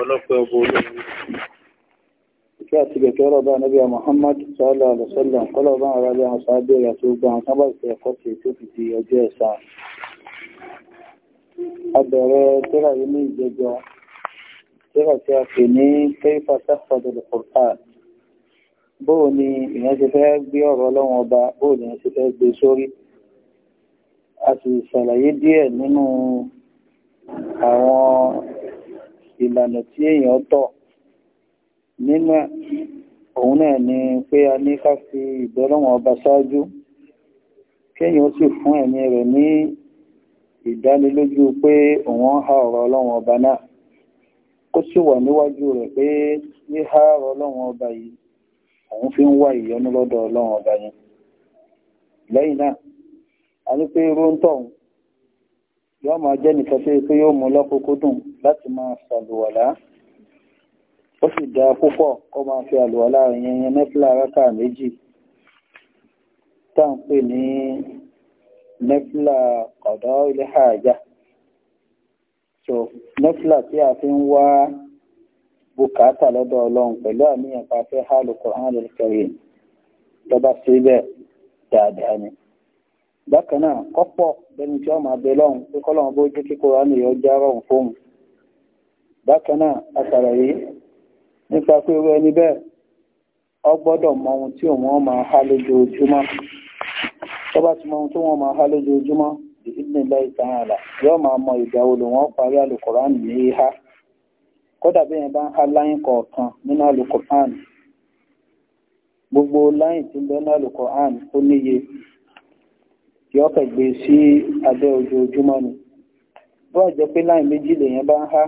ọlọ́pẹ́ ọgbọ̀ olóòrùn kí àti gẹ̀kẹ́ ọlọ́bá anábíà Muhammad sallallahu alaihi wasallam kọlọ́bá arábí àwọn sáábẹ̀ rẹ̀ tó gbọ́n sábà ìfẹ́ ẹ̀kọ́ tí tó fi di ọjọ́ ẹ̀sà abẹ̀rẹ̀ tẹ́rà yìí ní ìjẹjọ tẹ́rà tí a pè ní kẹ́fà sáfàdọ̀lù kọ̀ọ̀tà bóò ni ìyẹn ti fẹ́ gbé ọ̀rọ̀ ọlọ́run ọba bóò ni ìyẹn ti fẹ́ gbé sórí a sì ṣàlàyé díẹ̀ nínú àwọn ìlànà tí èèyàn tọ̀ nínú òun náà ni pé a ní ká fi ìbẹ́lọ́wọ̀n ọba ṣáájú kéèyàn sì fún ẹ̀mí rẹ̀ ní ìdánilójú pé òun ha ọ̀rọ̀ ọlọ́run ọba náà kó sì wà níwájú rẹ̀ pé ní ha ọ̀rọ̀ ọlọ́run ọba yìí òun fi ń wá ìyọnú lọ́dọ̀ ọlọ́run ọba yìí lẹ́yìn náà a ní pé róńtọ̀hún yóò máa jẹ́ nìkan tó yẹ pé yóò mú lọ́kùnkúndùn láti máa ṣàlùwàlá ó sì dáa púpọ̀ kó máa fi àlùwàlá yẹn yẹn nẹ́fìlà rákà méjì tá à ń pè ní nẹ́fìlà ọ̀dọ́ ilé àjà so nẹ́fìlà tí a fi ń wá bùkátà lọ́dọ̀ ọlọ́run pẹ̀lú àníyàn pa fẹ́ hálù Kùránì lórí kẹrin tó dáadáa ni. bákan náà kọ́pọ̀ lẹ́nu tí wọ́n máa bẹ lọ́hùn pé bó jẹ́ kíkó rà nìyẹn ó fóun bákan náà a nípa pé irú ẹni bẹ́ẹ̀ ọ gbọ́dọ̀ mọ ohun tí òun máa há lójoojúmọ́ tó bá ti mọ ohun tí wọ́n máa há lójoojúmọ́ ìdílé yóò máa mọ ìgbà wo lòun ọ parí ní há kódà bí yẹn bá ń há kọ̀ọ̀kan nínú gbogbo tí ń ní yọ́ kẹ̀ gbé sí abẹ́ ojoojúmọ́ ni bó àjẹ́ pé láì méjì lèyàn bá ń há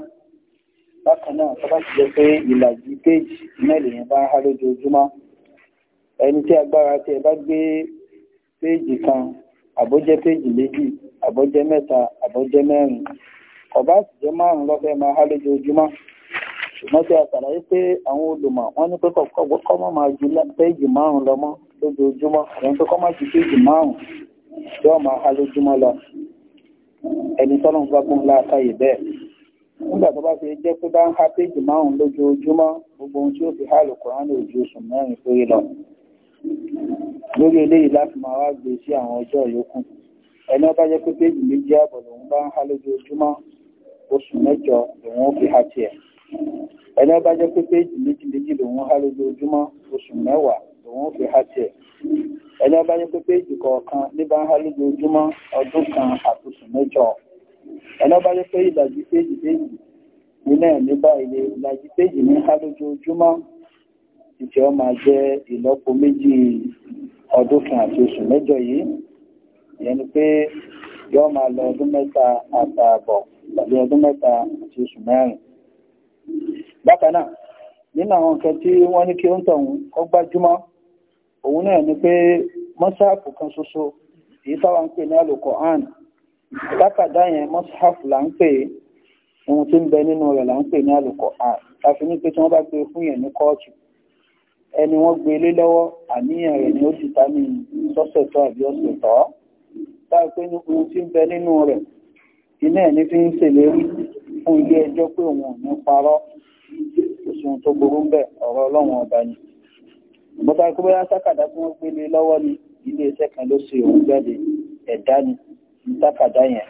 bákan náà tó bá ti jẹ́ pé ìlàjì péjì náà lèyàn bá ń há lójoojúmọ́ ẹni tí agbára tí ẹ bá gbé péjì kan àbójẹ́ péjì méjì àbójẹ́ mẹ́ta àbójẹ́ mẹ́rin ọba sì jẹ́ márùn lọ́fẹ́ máa há lójoojúmọ́ ṣùgbọ́n tí a ṣàlàyé pé àwọn olùmọ̀ wọ́n ní pé kọ́mọ́ máa ju péjì márùn lọ́mọ́ lójoojúmọ́ àwọn pé kọ́mọ́ ju péjì márùn yóò máa há lójúmọ́ lọ ẹni tọ́lọ́ ń gbọ́gbọ́n láàkáyè bẹ́ẹ̀ nígbà tó bá ṣe jẹ́ pé bá ń há péjì márùn-ún lójoojúmọ́ gbogbo ohun tí ó fi há lùkùránì ojú oṣù mẹ́rin péré lọ lórí eléyìí láti máa wá gbé sí àwọn ọjọ́ yòókù ẹni ọba jẹ́ pé péjì méjì ààbọ̀ lòun bá ń há lójoojúmọ́ oṣù mẹ́jọ lòun ó fi há tiẹ̀ ẹni ọba jẹ́ pé péjì méjì méjì lòun há lójoojúmọ́ oṣù mẹ́wàá lòun fi há tiẹ̀ ẹni ọba ní pé péjì kọ̀ọ̀kan ní bá ń há lójoojúmọ́ ọdún kan àtúnṣù mẹ́jọ ẹni ọba ní pé ìdajì péjì péjì nínú ẹ̀ ní báyìí ìdajì péjì ní há lójoojúmọ́ ìtì ọ máa jẹ́ ìlọ́po méjì ọdún kan àti oṣù mẹ́jọ yìí ìyẹn ni pé yọ máa lọ ọdún mẹ́ta àtààbọ̀ tàbí ọdún mẹ́ta àti oṣù mẹ́rin bákan náà nínú àwọn nǹkan tí ní kí ó ń tọ̀hún kó gbájúmọ́ òun náà ni pé mọ́sáàfù kan ṣoṣo èyí táwa ń pè ní alukoran lákàdá yẹn mọ́sáàfù là ń pè ohun tí ń bẹ nínú rẹ̀ là ń pè ní alukoran láti ní pé tí wọ́n bá gbé fún yẹn ní kóòtù ẹni wọ́n gbé lé lọ́wọ́ àníyàn rẹ̀ ni ó ti ta ní sọ́sẹ̀ tó àbí ọ̀sẹ̀ tó táà pé ohun tí ń bẹ nínú rẹ̀ iná ẹ̀ fi ń ṣèlérí fún ilé ẹjọ́ pé òun ò ní parọ́ òṣùwọ̀n tó burú bẹ́ẹ̀ ọ̀rọ̀ ọlọ́run ọba ni mo ta kó bóyá sákàdá tí wọ́n gbélé lọ́wọ́ ni ilé iṣẹ́ kan ló ṣe òun jáde ẹ̀dá ni sákàdá yẹn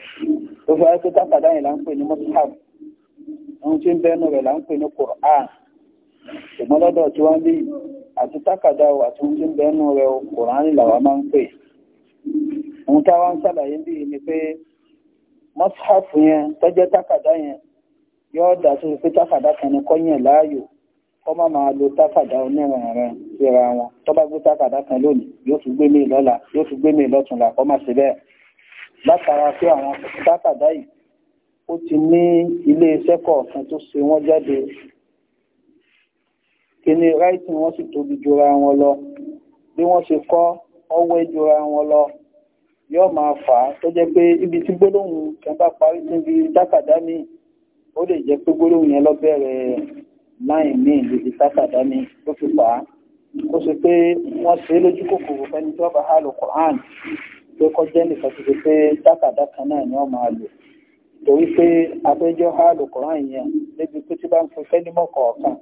ó fi wáyé pé sákàdá yẹn là ń pè ní mọ́tàbù ohun tí ń bẹ́nu rẹ̀ là ń pè ní Qur'an ṣùgbọ́n lọ́dọ̀ tí wọ́n bí àti sákàdá o àti ohun tí ń bẹ́nu rẹ̀ o Qur'an làwa máa ń pè ohun táwa ń ṣàlàyé bí ni pé mọ́tàbù yẹn tọ́jẹ́ sákàdá yẹn yóò dà sí pé sákàdá ọmọ máa lo tákàdá onírin rẹ̀ síra wọn tó bá gbé tákàdá kan lónìí yóò tún gbé mí lọ́la yóò tún gbé mí lọ́túnla kọ́ má ṣe bẹ́ẹ̀ látara pé àwọn tákàdá yìí ó ti ní iléeṣẹ́ kọ̀ọ̀kan tó ṣe wọ́n jáde kíní ráìtì wọ́n sì tóbi jura wọn lọ bí wọ́n ṣe kọ́ ọwẹ́ jura wọn lọ yóò máa fà á tó jẹ́ pé ibi tí gbólóhùn kan bá parí síbi tákàdá míì ó lè jẹ́ pé gbólóhùn yẹn lọ bẹ̀rẹ̀ láì ní ibi tata ni ó fi pa á ó pé wọ́n ṣe é lójú kòkòrò tí wọ́n bá hàlù Quran pé kọjá nìkan ti ṣe pé sákàdá kan náà ni wọ́n máa lò torí pé abẹ́jọ́ hàlù Quran yẹn níbi tó ti bá ń fi kẹ́límọ̀ kọ̀ọ̀kan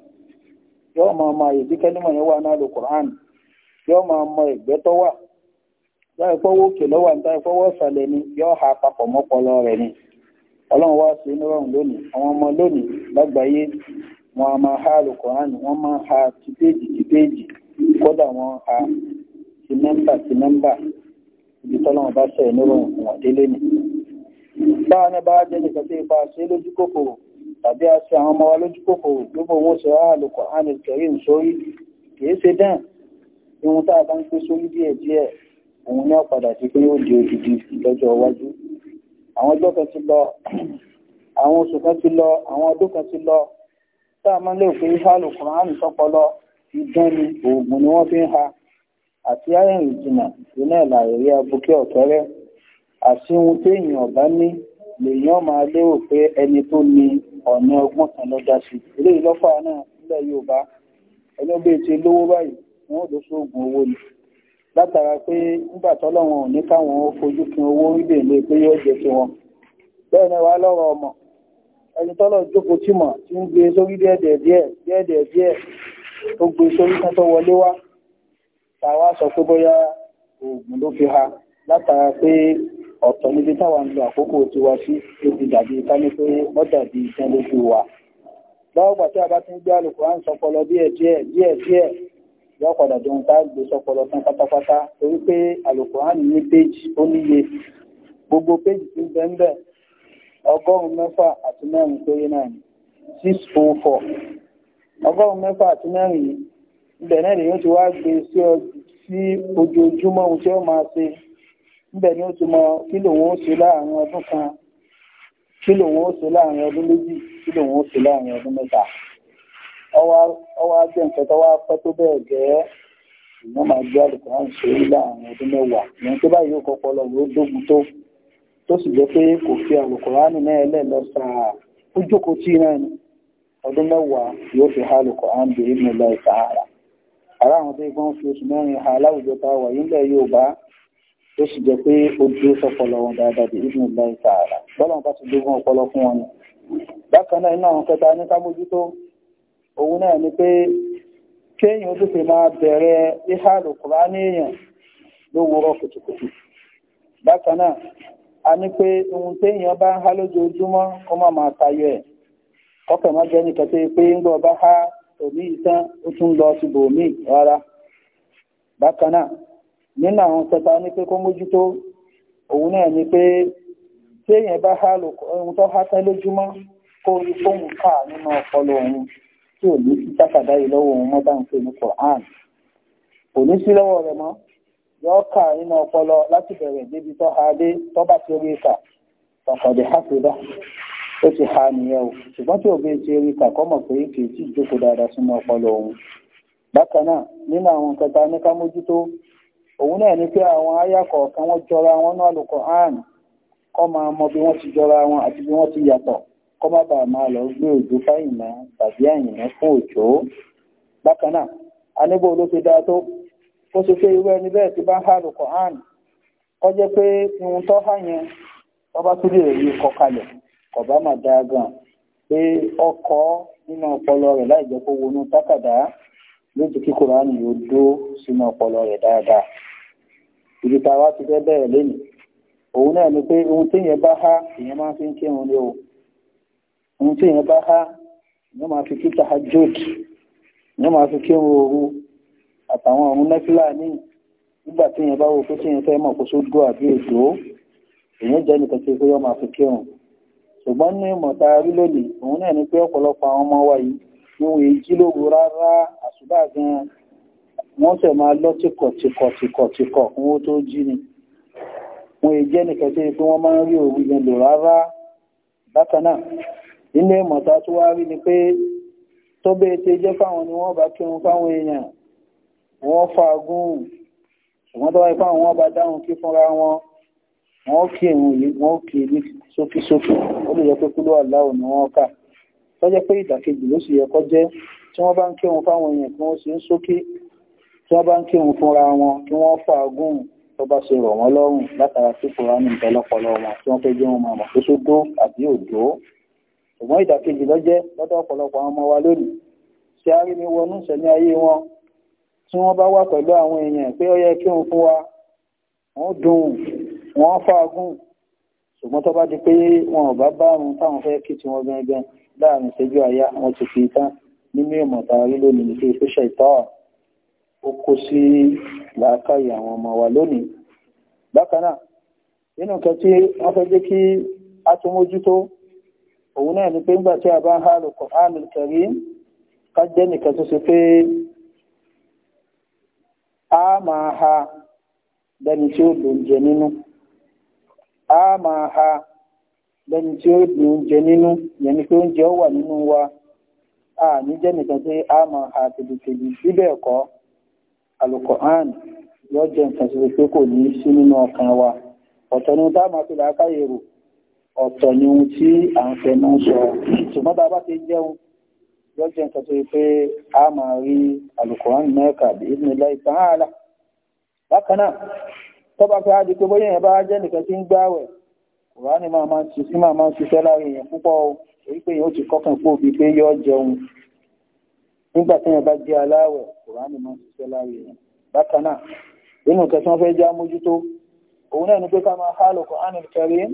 yóò máa mọ àyè bí yẹn wà náà lò Quran yóò máa mọ tó wà láì fọwọ́ òkè lọ́wọ́ àti láì fọwọ́ ìsàlẹ̀ ni yóò ha papọ̀ rẹ̀ ni ọlọ́run wá sí wọn a máa ha alukọ̀ránì wọ́n máa ha ti péjì ti péjì kódà wọ́n ha ti nọ́mbà ti nọ́mbà ibi tọ́lọ́wọ́n bá sọ̀rọ̀ nírò wọ́n délé ni. báwa náà bá jẹ́ nìkan tí ipa ṣe lójú kòkòrò tàbí a ṣe àwọn ọmọ wa lójú kòkòrò gbogbo wọn sọ alukọ̀ránì kẹrin sórí kìí ṣe dán ohun tá a bá ń pè sórí díẹ̀ díẹ̀ òun ní ọ̀padà sí pé yóò di odidi lọ́jọ́ iwájú àwọn ọjọ́ kan ti lọ àwọn oṣù kan ti lọ àwọn ọdún kan ti lọ tá a máa lè pé hálù kùránì tọpọlọ ìdán ni oògùn ni wọn fi ha àti áyẹ̀rìn ìjìnà iná ìlàrí abúkẹ́ ọ̀kẹ́rẹ́ àti ohun téèyàn ọ̀bá ní lèèyàn máa lérò pé ẹni tó ní ọ̀nà ọgbọ́n kan lọ́jà sí eléyìí lọ́fà náà nílẹ̀ Yorùbá ẹni ó bèè ti lówó báyìí wọn ò lọ sóògùn owó ni látara pé nígbà ò ní káwọn ó fojú kí owó rí lọ́rọ̀ ọmọ ẹni tọ́lọ̀ jókòó tì mọ̀ tí ń gbé sórí díẹ̀díẹ̀ díẹ̀díẹ̀ tó gbé sórí kan tó wọlé wá tàwa sọ pé bóyá oògùn ló fi ha látara pé ọ̀tọ̀ níbi táwa ń lo àkókò tiwa sí tó ti dàbí ká ní pé wọ́n dàbí ìtàn lójú wa lọ́wọ́gbà tí a bá ti ń gbé alùkùránì sọpọlọ díẹ̀ díẹ̀ díẹ̀ díẹ̀ yọ padà dùn ká gbé sọpọlọ tán pátápátá torí pé alùkùránì ní péjì ó níye gbogbo péjì tí ń bẹ́ẹ̀ ọgọ́rùn-ún mẹ́fà àti mẹ́rin péré náà ni six oh four ọgọ́rùn-ún mẹ́fà àti mẹ́rin yìí ibẹ̀ náà nìyẹn ti wá gbé sí ojoojúmọ́ ohun tí ó máa ṣe níbẹ̀ ni ó ti mọ kí lòun ó ṣe láàrin ọdún kan kí lòun ó ṣe láàrin ọdún méjì kí lòun ó ṣe láàrin ọdún mẹ́ta ọwọ́ ajé nǹkan tó wá pẹ́ tó bẹ́ẹ̀ gẹ́ ìyẹn máa gbé àlùkò láàrin ọdún mẹ́wàá ìyẹn tó báyìí ó kọ́kọ́ lọ ló dógun tó tó sì jẹ́ pé kò fi àlùkùránì náà ẹlẹ́lọ́sàá ó jókòó tí náà ni ọdún mẹ́wàá yóò fi ha àlùkùránì bí ibùdó lọ́ọ̀ sàárà ara àwọn tó yẹ kí wọ́n fi oṣù mẹ́rin ha aláwùjọ ta wà yìí ńlẹ̀ Yorùbá tó sì jẹ́ pé ó dúró sọ́pọ̀lọ́ wọn dáadáa bí ibùdó lọ́ọ̀ sàárà bọ́lá wọn bá ti dógún ọpọlọ fún wọn ni bákan náà iná àwọn kẹta ní ká òun náà ni pé kéèyàn tó fi máa bẹ̀rẹ̀ ihà àlùkùránì èèyàn lówùúrọ̀ kùtùkùtù bákan náà a ní pé ohun téèyàn bá ń há lójoojúmọ́ kó má máa tayọ ẹ̀ ọkàn má jẹ́ nìkan tó yẹ pé ń gbọ́ bá há òmí ìtàn ó tún lọ sí bòmí rárá bákan náà nínú àwọn kẹta ní pé kó mójútó òun náà ni pé téèyàn bá há ohun tó há tán lójúmọ́ kó rí fóun ká nínú ọpọlọ òun tí ò ní sí sákàdá lọ́wọ́ òun mọ́ bá ń pè ní Quran kò ní sí lọ́wọ́ rẹ̀ mọ́ yóò kà nínú ọpọlọ láti bẹ̀rẹ̀ débi tó ha dé tó ti rí ha nìyẹn o ṣùgbọ́n tí òbí ti rí kọ́ mọ̀ pé kì í tí jókòó dáadáa sínú ọpọlọ òun bákan náà nínú àwọn a ní ká mójútó òun náà mọ bí wọ́n ti jọra wọn àti bí wọ́n ti yàtọ̀ kọ́ má bàa máa lọ gbé òjò fáyìnà tàbí àyìnà fún òjò bákan náà ó iwe ṣe irú ẹni bẹ́ẹ̀ bá ń hàlù Qur'an ó jẹ́ pé ohun tó yẹn ọba lè rí kalẹ̀ kò bá mà dáa gan pé ọkọ̀ nínú ọpọlọ rẹ̀ láì jẹ́ kó wọnú tákàdá lójú kí Qur'an yóò dó sínú ọpọlọ rẹ̀ dáadáa ìdí tá a wá ti fẹ́ bẹ̀rẹ̀ òun náà ni pé ohun bá há máa fi ń kírun o ohun bá há àtàwọn ọ̀run nẹ́fílà ní nígbà tí èèyàn bá wo pé kí èèyàn fẹ́ mọ̀ kó sódò àbí èdò èèyàn jẹ́ nìkan tí ó yọ máa fi kírun ṣùgbọ́n ní ìmọ̀ta rí lónìí òun náà ni pé ọ̀pọ̀lọpọ̀ àwọn ọmọ wa yìí ní wọ́n èjì lóru rárá àṣùbà gan wọ́n sẹ̀ máa lọ tìkọ̀ tìkọ̀ tìkọ̀ tìkọ̀ kún ó tó jí ni wọ́n èjì ẹnìkan tí wọ́n máa ń rí òru yẹn lò rárá bákan náà nínú ìmọ̀ta tó wá rí ni pé tó bẹ́ẹ̀ ti jẹ́ fáwọn ni wọ́n bá kírun fáwọn èèyàn wọ́n fàágùn ṣùgbọ́n tó wáyé fáwọn wọn bá dáhùn kí fúnra wọn wọ́n kí èrò yìí wọ́n kí ní sókísókí ó lè yẹ pé kúlú aláwọ̀ ni wọ́n kà tó jẹ́ pé ìdàkejì ló sì yẹ kó jẹ́ tí wọ́n bá ń kírun fáwọn èèyàn kí wọ́n sì ń sókè tí wọ́n bá ń kírun fúnra wọn kí wọ́n fàágùn tó bá ṣe rọ̀ wọ́n lọ́rùn látara tí kò rá ní ìtọ́lọ́pọ̀lọ́ wọn tí wọ́n fẹ́ jẹ́ wọn màmá tó sódó àbí òdó ṣùgbọ́n ìdàkejì ló jẹ́ lọ́dọ̀ ọ̀pọ̀lọpọ̀ àwọn ọmọ wa lónìí ṣe á rí mi wọnú ìṣẹ̀mí ayé wọn tí wọ́n bá wà pẹ̀lú àwọn èèyàn pé ó yẹ kí òun fún wa wọ́n dùn wọ́n fàágùn ṣùgbọ́n tó bá di pé wọn ò bá bá àrùn táwọn fẹ́ kí tiwọn gangan láàrin ìṣẹ́jú àyá wọn ti fi tán nínú ìmọ̀ta rí lónìí pé social ìtọ́ ó kó sí làákàyè àwọn ọmọ wa lónìí bákan náà nínú nǹkan tí wọ́n fẹ́ jẹ́ kí a tún mójútó òun náà ni pé ńgbà tí a bá ń há lò Qur'anul Karim ká jẹ́ nìkan tó ṣe pé a ha lẹ́ni tí ó lò a ha lẹ́ni tí ó lò jẹ nínú wa a ní jẹ́ nìkan a ha tèbìtèbì síbẹ̀ ẹ̀kọ́ alukoran yóò jẹ́ nǹkan ṣe pé kò ní sí wa ọ̀tọ̀ ni tá a máa fi làákàyè rò ọ̀tọ̀ ni ohun tí à ń fẹnu sọ ṣùgbọ́n tá a bá yóò jẹ́ nǹkan tó yẹ pé a máa rí alukoran mẹ́ka bí ibi nílá ìtàn ààlà bákan náà tọ́ba fẹ́ adi pé bóyá yẹn bá jẹ́ nìkan tí ń gbáwẹ̀ kùránì máa máa ti sí máa máa ṣiṣẹ́ láàrin èèyàn púpọ̀ o èyí pé yẹn ó ti kọ́kàn fún òbí pé yóò jẹun nígbà tí yẹn bá jẹ́ aláwẹ̀ kùránì máa ṣiṣẹ́ láàrin èèyàn bákan náà nínú nǹkan tí wọ́n fẹ́ já mójútó òun náà ni pé ká máa há lọ kùránì kẹrin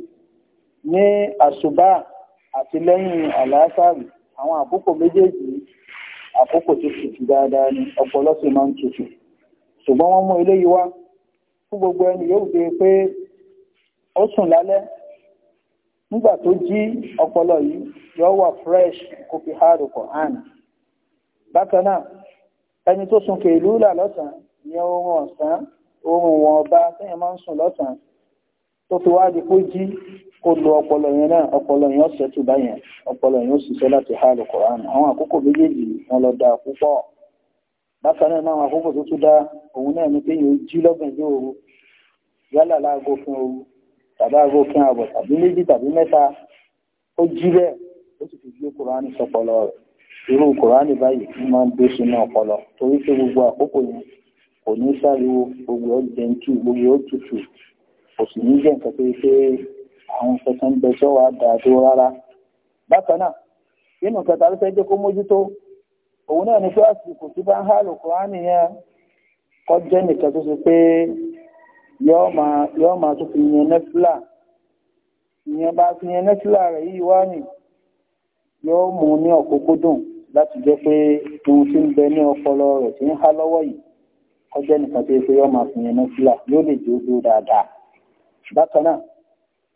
ní àṣùbà àti àlàáfàrì àwọn àkókò méjèèjì àkókò tó tutù dáadáa ni ọpọlọ sì máa ń tutù ṣùgbọ́n wọ́n mú eléyìí wá fún gbogbo ẹni yóò gbé pé ó sùn lálẹ́ nígbà tó jí ọpọlọ yìí yóò wà fresh kò fi hàrù Quran bákan náà ẹni tó sùn kèlú là lọ́sàn-án ní oorun ọ̀sán wọn ọba tẹ́yìn máa ń sùn lọ́sàn tó fi wá di kó jí kó lo ọpọlọ yẹn náà ọpọlọ yẹn ọ̀sẹ̀ tó bá yẹn ọpọlọ yẹn ó ṣiṣẹ́ láti há lù kọ̀ọ̀rán àwọn àkókò méjèèjì wọn lọ da púpọ̀ bákan náà náà àwọn àkókò tó tún dá òun náà ni pé yóò jí lọ́gànjọ́ òru yálà láago fún òru tàbí aago fún ààbọ̀ tàbí méjì tàbí mẹ́ta ó jí bẹ́ẹ̀ ó sì fi gbé kùránì sọpọlọ rẹ̀ irú kùránì báyìí ń máa gbé sínú ọpọlọ torí pé gbogbo àkókò yẹn kò ní sáriwo gbogbo gbogbo ó kò sì ní jẹ́ nǹkan tó yẹ pé àwọn kankan ń bẹ tó wàá dà tó rárá bákan náà nínú nǹkan tá a fẹ́ jẹ́ kó mójútó òun náà ni pé àsìkò tí bá ń há lò kúránì yẹn kọ́ jẹ́ nìkan tó ṣe pé yọ́ọ́ máa yọ́ọ́ máa tó fi yẹn nẹ́fìlà ìyẹn bá fi yẹn nẹ́fìlà rẹ̀ yìí wá nì yọ́ọ́ mú ní ọ̀kúnkúndùn láti jẹ́ pé ohun tí ń bẹ ní ọpọlọ rẹ̀ tí ń há lọ́wọ́ yìí kọjá nìkan tó yẹ pé yọ́ọ́ máa fi yẹn nẹ́fìlà yóò lè jó dúró dáadáa bákan náà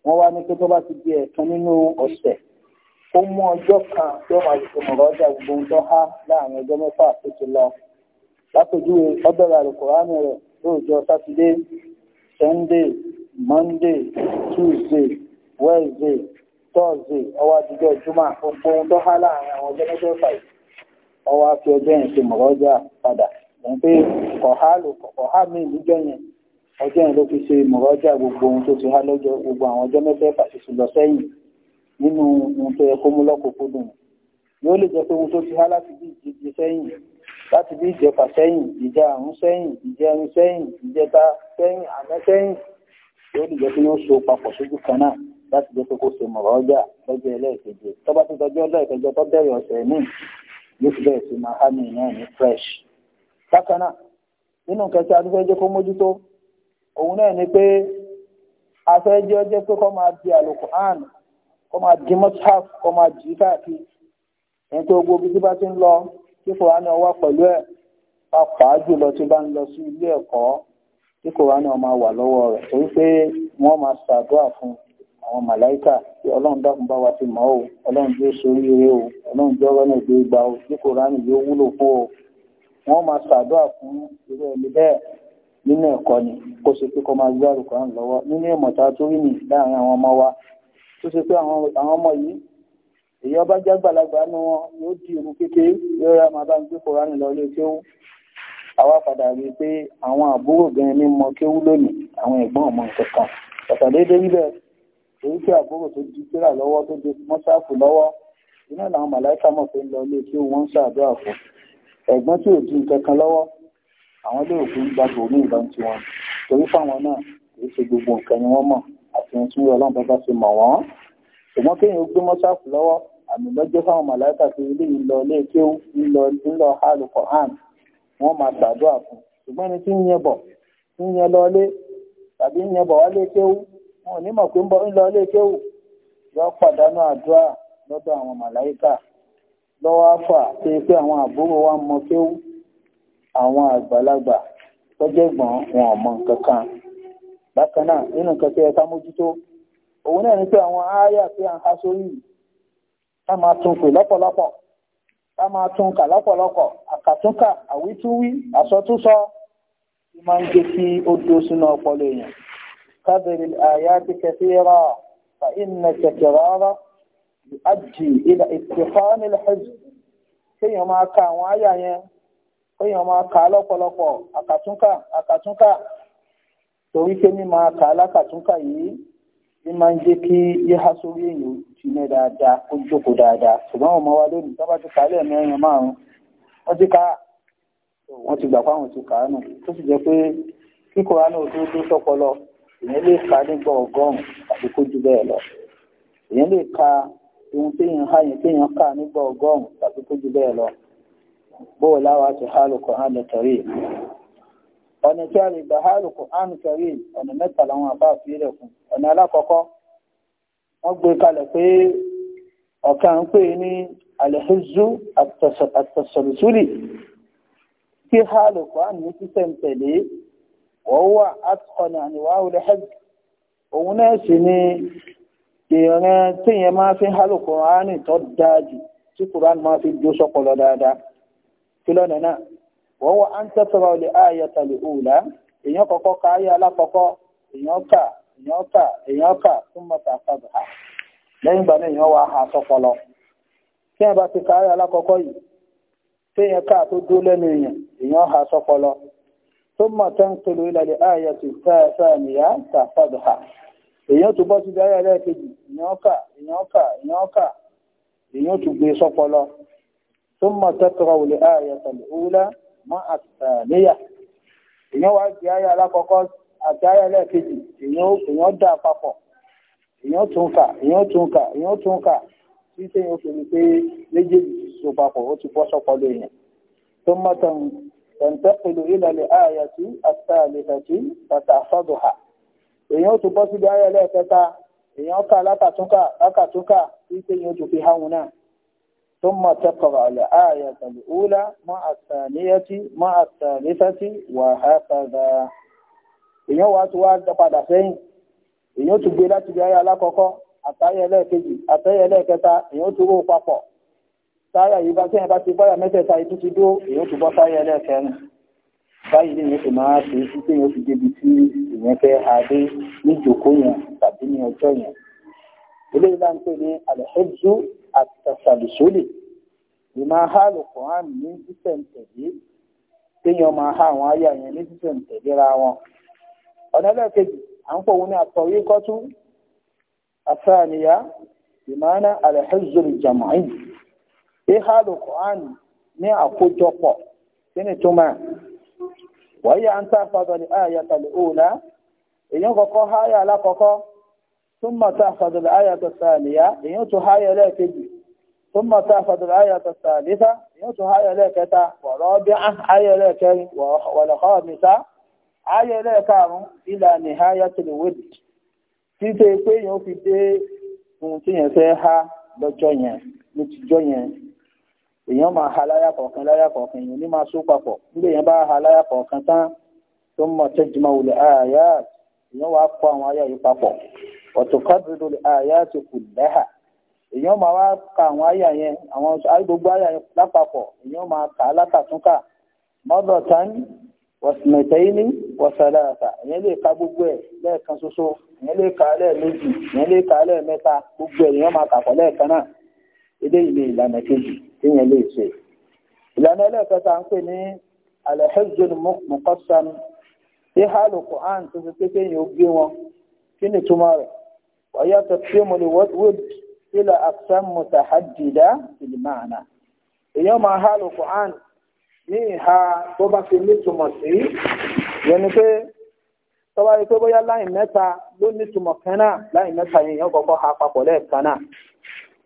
wọ́n wá ní pé tó bá ti di ẹ̀kan nínú ọ̀sẹ̀ ó mú ọjọ́ kan tí ó máa ṣe mọ̀rọ̀ ọjà gbogbo ohun tó há láàrin ọjọ́ mẹ́fà tó ti lọ látòjúwe ọbẹ̀rẹ̀ àlùkòránì rẹ̀ lóòjọ́ sátidé sunday monday tuesday wednesday thursday ọwọ́ àdúgbò jùmọ̀ gbogbo ohun tó há láàrin àwọn ọjọ́ mẹ́fà yìí ọwọ́ á fi ọjọ́ yẹn ṣe mọ̀rọ̀ ọjà padà ọjọ́ yẹn ló fi ṣe mọ̀rọ́jà gbogbo ohun tó ti há lọ́jọ́ gbogbo àwọn ọjọ́ mẹ́fẹ̀ẹ́fà ṣiṣù lọ sẹ́yìn nínú ohun tó yẹ kó mú lọ́kùnkúndùn yóò lè jẹ́ pé ohun tó ti há láti bí ìjẹjẹ sẹ́yìn láti bí ìjẹfà sẹ́yìn ìjẹ àrùn sẹ́yìn ìjẹrin sẹ́yìn ìjẹta sẹ́yìn àná sẹ́yìn yóò lè jẹ́ pé yóò so papọ̀ sójú kan náà láti jẹ́ pé kó ṣe mọ̀rọ́jà lọ́jọ́ ẹlẹ́ẹ̀keje tó bá ti dọjọ́ ẹlẹ́ẹ̀kẹjọ tó bẹ̀rẹ̀ ọ̀sẹ̀ míì yóò fi bẹ̀rẹ̀ sí máa há mi náà ní fresh. bákan náà nínú nǹkan tí adúgbò jẹ́ kó mójútó òun náà ni pé afẹ́jẹ́ ọjọ́ pé kọ́ máa di àlùkùránì kọ́ máa di mọ́tàf kọ́ máa jì í káàkiri ẹni tó gbogbo tí bá ti ń lọ tí kòránì ọwọ́ pẹ̀lú ẹ̀ pàápàá jùlọ tí bá ń lọ sí ilé ẹ̀kọ́ tí kòránì ọmọ wà lọ́wọ́ rẹ̀ torí pé wọ́n máa ṣàdúrà fún àwọn màláìkà tí ọlọ́run dákun bá wa ti mọ̀ o ọlọ́run tí ó ṣoríire o ọlọ́run tí ọ̀rọ̀ náà gbé gbà o tí kòránì yóò wúlò fún o wọ́n máa ṣàdúrà fún irú ẹni bẹ́ẹ̀ nínú ẹ̀kọ́ ni kó ṣe pé kó máa gbé àlùkòrán lọ́wọ́ nínú ìmọ̀ta tó rí nì láàrin àwọn ọmọ wa tó ṣe pé àwọn ọmọ yìí èyí ọba jágbàlagbà nu wọn yóò di irun kékeré yóò rà máa bá ń gbé lọ ilé kéwú àwa padà rí i pé àwọn àbúrò gan ni mọ kéwú lónìí àwọn ẹ̀gbọ́n ọmọ nǹkan kan ọ̀tà déédéé níbẹ̀ èyí tí àbúrò tó di kíra lọ́wọ́ tó di mọ́ṣáàfù lọ́wọ́ iná làwọn màláìka mọ̀ pé ń lọ ilé kéwú wọ́n ń ṣàdúrà fún ẹ̀gbọ́n tí ò di nǹkan kan lọ́wọ́ àwọn lérò pé ń gbàgbọ́ ní ìlànà tiwọn torí fáwọn náà kì í ṣe gbogbo nǹkan ni wọ́n mọ̀ àti ohun tí ọlọ́run bá bá ṣe mọ̀ wọ́n ṣùgbọ́n kéèyàn gbé mọ́ṣáàfù lọ́wọ́ àmì lọ́jọ́ fáwọn màláìkà pé ilé ìlọ ilé tí ó ń lọ ńlọ hàlù kọ̀hán wọ́n máa ṣàdúrà fún ṣùgbọ́n ẹni tí ń yẹn bọ̀ ń yẹn lọ ilé tàbí ń yẹn bọ̀ wálé kéwú wọn ò ní mọ̀ pé ń bọ̀ ń lọ ilé kéwú yọ pàdánù àdúrà lọ́dọ̀ àwọn màláìkà lọ́wọ́ àfà pé pé àwọn àbúrò wa mọ kéwú àwọn àgbàlagbà tọ́jẹ́gbọ̀n wọn ọmọ kankan bákan náà nínú nǹkan tí ẹ ká mójútó òun náà ní pé àwọn ááyà tí à ń há sórí yìí ká máa tún pè lọ́pọ̀lọpọ̀ ká máa tún kà lọ́pọ̀lọpọ̀ àkàtúnkà àwítúwí àsọtúnsọ tí máa ń jẹ́ kí ó sínú ọpọlọ èèyàn kábẹ̀rẹ̀ àyà ti kẹsíra fa ìnà kẹkẹrọrọ yóò ájì ìdá ìtìfọ́ nílẹ̀ máa ka àwọn ááyà yẹn kéèyàn máa kà á lọ́pọ̀lọpọ̀ àkàtúnkà àkàtúnkà torí pé mímọ kà á lákàtúnkà yìí ní máa ń jẹ́ kí yíha sórí èèyàn ti mẹ́ dáadáa kó jókòó dáadáa ṣùgbọ́n ọmọ wa lónìí bá ti kà á ka nígbà ọgọ́rùn-ún tàbí kó ju bẹ́ẹ̀ lọ èèyàn lè ka ohun téèyàn há yẹn lọ bóò láwàá ti hálù Kùránì Karim ọ̀nà tí a lè gbà hálù Kùránì Karim ọ̀nà mẹ́ta làwọn àbá fi rẹ̀ fún ọ̀nà alákọ̀ọ́kọ́ wọ́n gbé kalẹ̀ pé ọ̀kan ń pè ní alẹ́hìzú àtọ̀sọ̀rọ̀súlì kí hálù Kùránì ní sísẹ̀ ń tẹ̀lé wọ́n wà àtọ̀nà àníwáwò lẹ́hẹ́d òun náà sì ni ìrìn tíyẹn máa fi hálù Kùránì tó dáa jù tí Kùránì máa fi jó sọ́pọ̀lọ́ dáadáa kí na náà wọwọ an á ń tẹ́tọ̀rọ̀ lè ààyè èèyàn kọkọ ka ayé alákọ̀ọ́kọ́ èèyàn kà èèyàn èèyàn fún ìgbà náà èèyàn wà á bá ti ka ayé yìí tó dó lẹ́nu èèyàn èèyàn á sọ́pọ̀lọ́ tó mọ̀ tẹ́ ń pèlú ilẹ̀ ààyè tó sáàmìyá tàfàdà èèyàn tó bọ́ síbi ayé alẹ́kejì èèyàn ka, èèyàn ka, èèyàn ka, èèyàn tó gbé ثم تقرأ الآية الأولى مع الثانية èèyàn wá di ayé alákọ̀ọ́kọ́ àti ayé ẹlẹ́ẹ̀kejì èèyàn dà papọ̀ èèyàn tún kà èèyàn tún kà èèyàn tún kà tí sẹ́yìn ó fi rí pé méjèèjì ti so papọ̀ ó ti bọ́ sọ́pọ̀lọ́ èèyàn tó mọ́ tẹ̀ǹtẹ́pẹ̀lú ìlàlẹ̀ ààyè tí àtàlẹ̀tẹ̀tì tàtà sọ́dọ̀hà èèyàn tún bọ́ síbi ayé ẹlẹ́ẹ̀kẹta èèyàn kà lákàtúnkà lákàtúnkà tí sẹ́yìn tún fi háhùn náà ثم تقرأ الآية الأولى مع الثانية مع الثالثة وهكذا èèyàn wàá tún wáá padà sẹ́yìn èèyàn tún gbé láti bí ayé alákọ̀ọ́kọ́ àtàyè ẹlẹ́ẹ̀kejì àtàyè ẹlẹ́ẹ̀kẹta èèyàn tún rò papọ̀ táyà yìí bá sẹ́yìn bá ti báyà mẹ́tẹ̀ẹ̀ta yìí tún ti dúró èèyàn tún bọ́ táyà ẹlẹ́ẹ̀kẹrin báyìí ni èèyàn máa ṣe sí pé èèyàn fi débi tí èèyàn fẹ́ adé níjòkó yẹn tàbí ní ọjọ́ yẹn eléyìí bá ní alẹ́ àtàṣàlùsólè ìmọ̀ ha lùkùnrán ní sísẹ̀ǹtẹ̀lé téèyàn máa ha àwọn ayé àyàn ní sísẹ̀ǹtẹ̀léra wọn ọ̀nà ẹlẹ́ẹ̀kejì à ń pòun ní àtọ̀wé kọ́tú àtàníyá ìmọ̀ọ́nà àlẹ́hẹ́zọ̀rì jàmáì ìhà lùkùnrán ní àkójọpọ̀ kíni túmọ̀ wọ́n yà ń tà fọdọ̀ ní àyàtàlù òòlà èèyàn ثم تحفظ الآية الثانية ينتهى إليك ثم تحفظ الآية الثالثة ينتهى إليك ورابعة آية إليك والخامسة آية إليك إلى نهاية الود títí pé yóò fi dé ohun tí yẹn èèyàn máa ha láyà kọ̀ọ̀kan láyà kọ̀ọ̀kan èèyàn ní máa sún papọ̀ nígbà èèyàn bá ha láyà kọ̀ọ̀kan tán tó mọ̀ tẹ́jú máa wulẹ̀ ọ̀tùkọ́dúdú àyà ti kù lẹ́hà èèyàn máa wá ka àwọn àyà yẹn àwọn gbogbo àyà yẹn lápapọ̀ èèyàn máa kà á látàtúnkà mọ́dọ̀ tán wọ̀sìmẹ̀tẹ́yìnì wọ̀sàlàtà èèyàn lè ka gbogbo ẹ̀ lẹ́ẹ̀kan ka lẹ́ẹ̀mejì èèyàn lè ka gbogbo ẹ̀ èèyàn máa kà pọ̀ lẹ́ẹ̀kan náà ìlànà kejì téèyàn lè ṣe ìlànà ẹlẹ́ẹ̀kẹta ń pè وهي تقسيم الود إلى أقسام متحددة في المعنى اليوم أهل القرآن níhà tó bá fi nítumọ̀ sí yẹnu pé tọ́wá yìí pé bóyá láì mẹ́ta ló nítumọ̀ kan náà láì mẹ́ta yẹn yẹn kọ́kọ́ ha papọ̀ lẹ́ẹ̀kan náà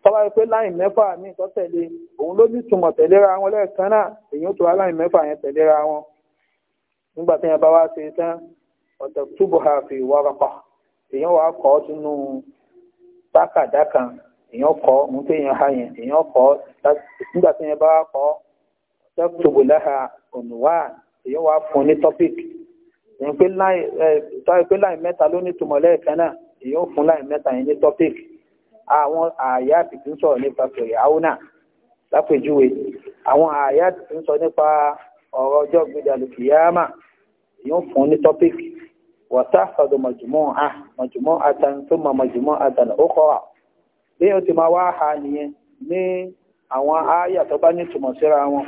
tọ́wá yìí pé láì mẹ́fà ní ìtọ́tẹ̀lé òun ló nítumọ̀ tẹ̀léra wọn lẹ́ẹ̀kan náà èyí ó tó wá láì mẹ́fà yẹn tẹ̀léra wọn nígbà tí yẹn bá wá ṣe tán ọ̀tẹ̀ túbọ̀ ha fi wọ́rọ̀pọ̀ èèyàn wàá kọ́ sínú tákàdá kan èèyàn kọ́ ohun tí èèyàn ha yẹn èèyàn kọ́ nígbà tí èèyàn bá kọ́ tẹ́kùtùbù láha ònùwà èèyàn wàá fún ní topic èèyàn pé láì mẹ́ta ló ní tùmọ̀ lẹ́ẹ̀kan náà èèyàn fún láì mẹ́ta yẹn ní topic àwọn àyà àtìtì ń sọ̀rọ̀ nípa pẹ̀lú àwọn náà lápèjúwe àwọn àyà àtìtì ń sọ nípa ọ̀rọ̀ ọjọ́ gbẹdàlùkìyàmà èèyàn fún ní topic وتحفظ مجموعة مجموعة ثم مجموعة أخرى bí o ti máa wá ha nìyẹn ní àwọn àyà tó bá nítumọ̀ síra wọn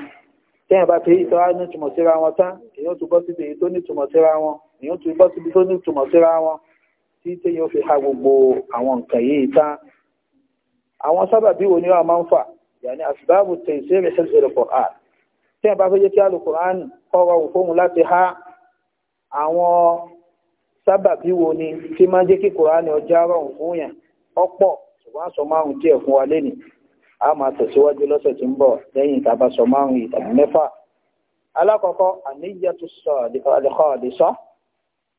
tẹ́yìn bá ti èyí tó bá nítumọ̀ síra wọn tán èyàn tún bọ́ síbi èyí tó nítumọ̀ síra wọn èyàn tún bọ́ síbi tó nítumọ̀ síra wọn tí téèyàn fi ha gbogbo àwọn nǹkan yìí tán àwọn sábàbí wo ni wọn máa ń fà yàní àsìbáàbù tẹ̀ sí rẹ̀ sẹ́sẹ̀ rẹ̀ pọ̀ á tẹ́yìn sábàbí wo ni tí máa jẹ́ kí kùránì ọjà rọrùn fún yàn ọ̀pọ̀ ṣùgbọ́n aṣọ márùn díẹ̀ fún wa lẹ́nu a máa tẹ̀síwájú lọ́sẹ̀ tí ń bọ̀ lẹ́yìn ìtàbá mefa márùn yìí tàbí mẹ́fà. sọ àdìkọ́ àdìsọ́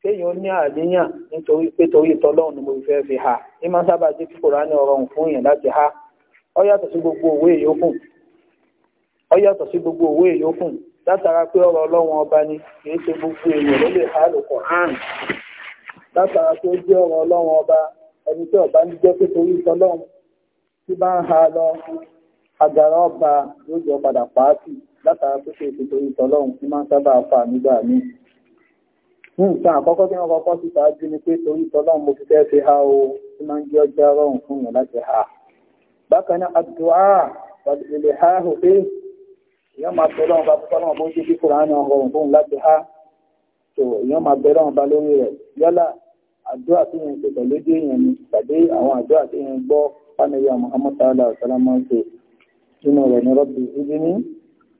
kéèyàn ní nítorí pé torí tọ́lọ́run ni mo fẹ́ fi ha ní máa sábà jẹ́ kí kùránì ọrọ̀rùn fún yàn láti ha sí gbogbo òwe látara pé ọ̀rọ̀ ọlọ́run ọba ni kì í ṣe gbogbo èèyàn ha látara tó jẹ́ ọ̀rọ̀ ọlọ́run ọba ẹni tí ọba ń jẹ́ pé torí ìtọ́lọ́run tí bá ń ha lọ agara ọba yóò jọ padà pàátì látara tó ṣe ètò ìtọ́lọ́run tí máa ń sábà fà nígbà míì. nǹkan àkọ́kọ́ tí wọ́n kọ́kọ́ sì ṣáájú ni pé torí ìtọ́lọ́run mo fi fẹ́ fi ha o tí máa ń jẹ́ ọjà rọrùn fún mi láti ha. bákan náà àdúrà pàdùlẹ̀ ha ò pé èèyàn máa bẹ lọ́run bá fọ́nà bó ń ṣe kí kùránì àdúrà tí yẹn ṣe pẹ̀lú ojú èèyàn ni tàbí àwọn àdúrà tí yẹn gbọ́ fánilé Muhammad sallallahu alaihi wasallam ṣe nínú rẹ̀ ní rọ́bì ìdíní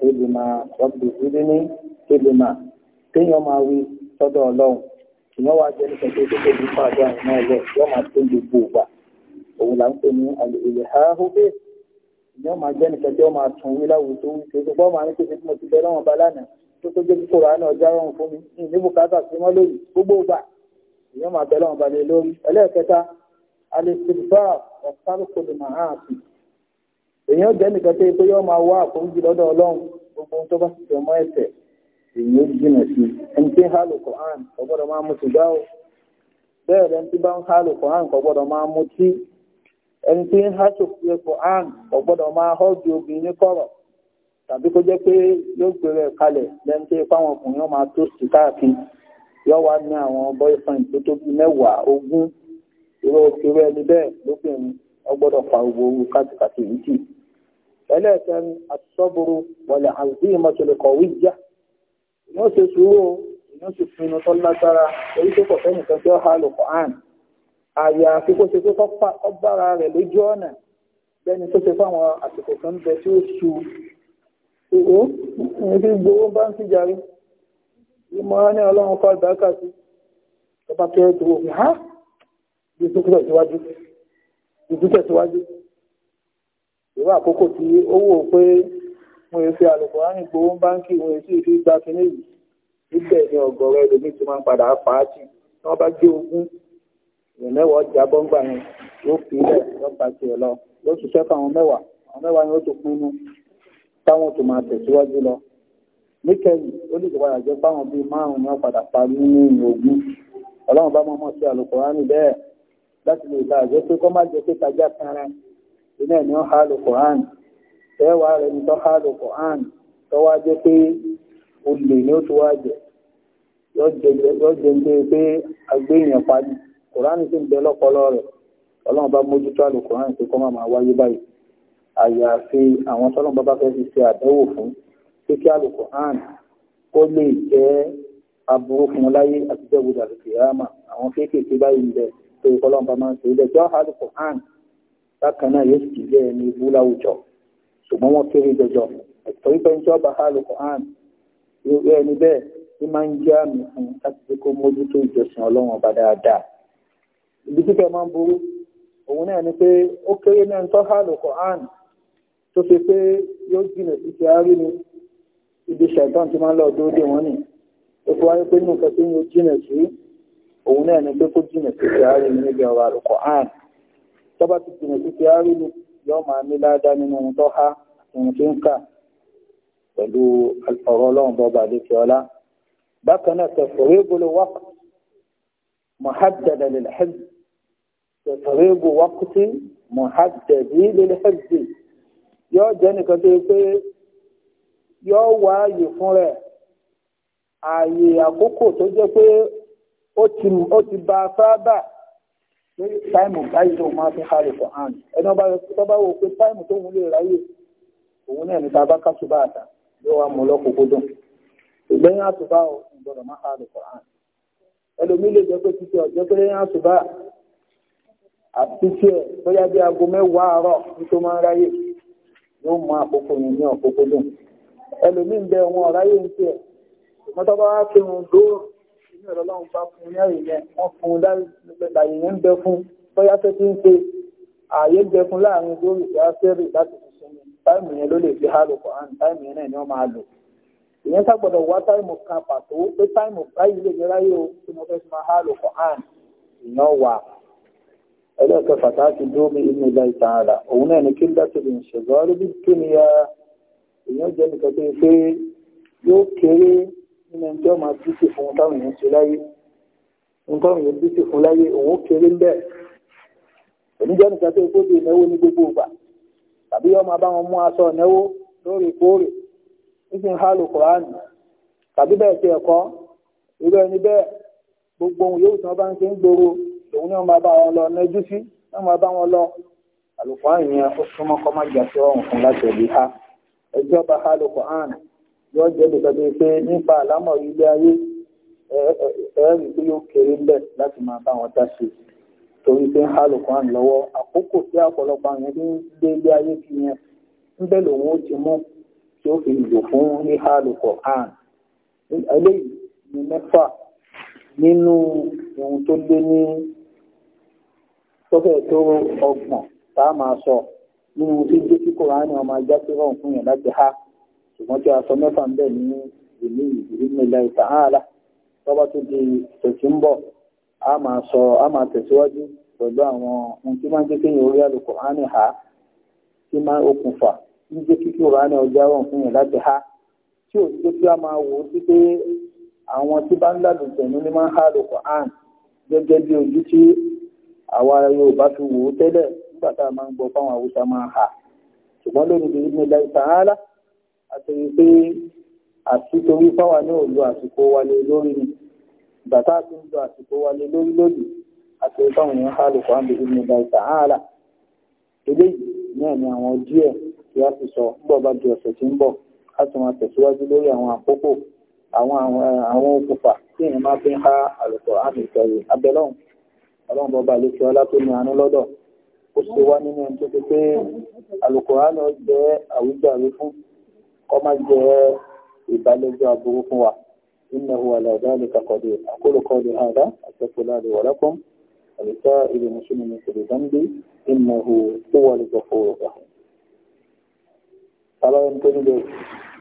ìlìmà rọ́bì ìdíní ìlìmà téèyàn máa wí sọ́dọ̀ ọlọ́run ìyẹn wàá jẹ́ nípa tó tó tóbi fún àdúrà yìí náà lẹ̀ yóò máa tó gbogbo ìgbà òun là ń pè ní àlèlè àhóbè ìyẹn máa jẹ́ nípa tí ó máa tún wí láwùjọ wí pé gbọ́ máa ní pé mo ti bẹ́ lọ́wọ́n balánà tó tó jẹ́ kí àná ọjà rọrùn fún mi ní bùkátà sí mọ́ lónìí gbogbo ìgbà ìyẹn máa bẹ̀rẹ̀ wọn balẹ̀ lórí ẹlẹ́ẹ̀kẹta alẹ́sìlfà ọ̀sálùkòdì màáàfin èyàn jẹ́ nìkan tó yẹ pé yọ́ máa wá àkóńjì lọ́dọ̀ ọlọ́run gbogbo tó bá èyí ó jìnà sí ẹni tí ń kò gbọ́dọ̀ máa o bẹ́ẹ̀ lẹni tí bá ń há lò kọ́án kò gbọ́dọ̀ máa mutí ẹni tí ń yọ wá ní àwọn boyfriend tó tóbi mẹ́wàá ogún irú irú ẹni bẹ́ẹ̀ lóbìnrin ọgbọ́dọ̀ fa owó kàtìkàtì yìí tì ẹlẹ́ẹ̀kẹrin àtúnṣọ́bùrù wọlé àzí ìmọ̀tòlè kọ̀wé jà yóò ṣe sùúrù yóò sì pinnu tó lágbára èyí tó kọ̀ fẹ́yìn kan tí ó hàlù kọ̀án àyà àfikún ṣe pé kọ́ bára rẹ̀ lójú ọ̀nà bẹ́ni tó ṣe fáwọn àsìkò kan bẹ tí ó su ìwò ìrìn tí gbowó bá ń fi jarí ìmọ̀ ní ọlọ́run kọ́ ìbáríkà sí ọba tó tó wò ha bí tó kílẹ̀ síwájú bí tó tẹ̀síwájú ìwé àkókò tí ó wò pé wọn èé fi àlùkò ránì gbowó báńkì wọn èé sì fi gba kinní yìí níbẹ̀ ni ọ̀gọ̀rọ̀ ẹlòmíì tó máa ń padà pàátì tí wọ́n bá gé ogún èèyàn mẹ́wàá ọjà bọ́ǹgbà yẹn yóò fi ilẹ̀ lọ́pàá tiẹ̀ lọ yóò ṣiṣẹ́ fún àwọn mẹ́wàá àwọn mẹ́wàá yẹn ó tó níkẹyìn ó lè padà jẹ́ fáwọn bíi márùn ní ọ̀padà parí nínú ogún ọlọ́run bá mọ́mọ́ sí àlùkòránì bẹ́ẹ̀ láti lè bá àjẹ́ pé kọ́ má jẹ́ pé tajá kanra iná ẹ̀ ní ọ̀há àlùkòránì tẹ́wà rẹ̀ ní tọ́há àlùkòránì tọ́wá jẹ́ pé olè ni ó ti wá jẹ yọ jẹ ń gbé pé agbé èèyàn parí kòránì sì ń bẹ lọ́pọlọ rẹ̀ ọlọ́run bá mójútó àlùkòránì pé kọ́ má máa wáyé báyìí àyàfi àwọn tọ́lọ́run bá bá fẹ́ fi ṣe àdánwò fún kíkí alukur'an ó lè jẹ́ aburú fún láyé àti jẹ́ gbogbo àti kìyàmà àwọn kéékèèké báyìí bẹ̀ tó ìkọlọ́mpa máa ń ṣe ilẹ̀ jọ́ alukur'an bákan náà yóò sì jẹ́ ẹni ibú láwùjọ ṣùgbọ́n wọ́n kéré jọjọ ẹ̀tọ́ ìfẹ́ ń jọba alukur'an irú ẹni bẹ́ẹ̀ ní máa ń jẹ́ àmì fún láti fi kó mójútó ìjọsìn ọlọ́run ọba dáadáa ibi tí kẹ́ máa ń burú òun náà ni pé ó kéré náà ń tọ́ alukur'an tó fi pé yóò jìnà sí ti ibi ṣẹ̀tàn ti máa ń lọ dóde wọn nì ó fi wáyé pé nǹkan tí ó jìnà sí òun náà ni pé kó jìnà sí tìárì ní ibi ọ̀rọ̀ àlùkò àn tó bá ti jìnà sí tìárì ni yóò máa ní ládàá nínú ohun tó há ohun tí ń kà pẹ̀lú ọ̀rọ̀ ọlọ́run bọ́ba àdékè bákan náà tẹ̀sọ̀rọ̀ ègbolo wákù mọ̀hádẹ́dẹ́ lè hẹ́bì tẹ̀sọ̀rọ̀ ègbò wákùtì mọ̀hádẹ́dẹ́ lè hẹ́bì yóò wá ààyè fún rẹ̀ ààyè àkókò tó jẹ́ pé ó ti ó ti ba sábà pé táìmù báyìí tó máa fi hàrì fún àn ẹni ọba tó bá wò pé táìmù tó ń lè ráyè òun náà ní ta bá kásù bá àtà yóò wá mú lọ́kùnkúndùn ìgbẹ́yìn àtúbà ò gbọ́dọ̀ má hàrì fún àn ẹlòmí lè jẹ́ pé títí ọ̀jọ́ pé lẹ́yìn àtúbà àti tí ẹ bóyá bí aago mẹ́wàá àárọ̀ ní tó máa ráyè yóò mú àkókò yẹn ní ọ̀kókó lóhùn. ẹlòmí ń bẹ wọn ọ̀ráyé ń tẹ̀ mọ́tọ́bá wá fi hùn dóòrùn inú ẹ̀rọ lọ́run bá fún ní àyè yẹn wọ́n fún un láyè yẹn ń bẹ fún bóyá fẹ́ tí ń ààyè ń bẹ fún láàrin láti fi sinmi táìmù yẹn ló lè fi táìmù yẹn náà ni wọ́n máa lò ìyẹn wá táìmù kan pàtó pé táìmù báyìí lè o tí mo fẹ́ fi máa ìyẹn wà a èèyàn jẹ́ nìkan tó ṣe yóò kéré nínú ẹni tí wọ́n máa bísí fún táwọn èèyàn ṣe láyé ohun táwọn èèyàn bísí fún láyé òun ó kéré ń bẹ̀ èmi jẹ́ nìkan tó ṣe bí ìnáwó ní gbogbo ìgbà tàbí yóò máa bá wọn mú aṣọ ìnáwó lóòrèkóòrè nígbà ń hálò kùránì tàbí bẹ́ẹ̀ ti ẹ̀kọ́ irú ẹni bẹ́ẹ̀ gbogbo ohun yóò tí wọ́n bá ń ṣe ń gbòòrò òun náà máa bá wọn lọ nájú sí náà máa bá wọn lọ àlùfáà ìyẹn ó má jà sí ọ̀hún fún láti ẹ̀bí ha. ẹjọ́ bá ha lò kọ́án yóò jẹ́ bí sọ́dọ̀ pé nípa àlámọ̀ ilé ayé ẹ̀ẹ́rì tí yóò kéré bẹ̀ láti máa bá wọn dá torí pé ń ha lò kọ́án lọ́wọ́ àkókò tí ọ̀pọ̀lọpọ̀ àwọn ẹni gbé ilé ayé fi yẹn lòun ó ti fi lò fún ohun tó ní sọ. nínú tí jẹ́ kí kòránì ọmọ ajá tí rọrùn fún yàn láti há ṣùgbọ́n tí a mẹ́fà ń ní ìlú ìlú ilẹ̀ tó di ń a máa tẹ̀síwájú pẹ̀lú àwọn ohun tí máa ń orí há tí máa okùnfà ń ọjà rọrùn fún yàn láti há tí ò jẹ́ kí a máa wò ó sí pé àwọn tí bá ń lálùjẹ̀ ní máa ń nígbà tá a máa ń gbọ́ fáwọn haúsá máa hà ṣùgbọ́n lónìí bí ní ilẹ̀ ìsàhálà àti pé àtìtorí fáwa náà lo àsìkò wálé lórí ni ìgbà tá a ti ń lo àsìkò wálé lórí lónìí àti fáwọn èèyàn hálò kan bí ní ilẹ̀ ìsàhálà eléyìí náà ni àwọn díẹ̀ tí a ti sọ gbọ́ bá di ọ̀sẹ̀ tí ń bọ̀ a tún máa tẹ̀síwájú lórí àwọn àkókò àwọn àwọn okùnfà tí èèyàn máa fi ń há àlùkò àmì ìkẹyìn abẹ́lọ́hùn ọlọ́run bọba àlejò ọlá tó ní àánú lọ́dọ̀ kó ṣe wá nínú tó ṣe pé alukóhánà jẹ́ àwíjàre fún kọ́ má jẹ́ ìbálẹ́jọ́ aburú fún wa innahu ala dhalika qadir aqulu qawli hadha astaghfirullah li wa lakum wa lisa'il muslimin min kulli dhanbi innahu huwal ghafurur rahim. Salam alaikum.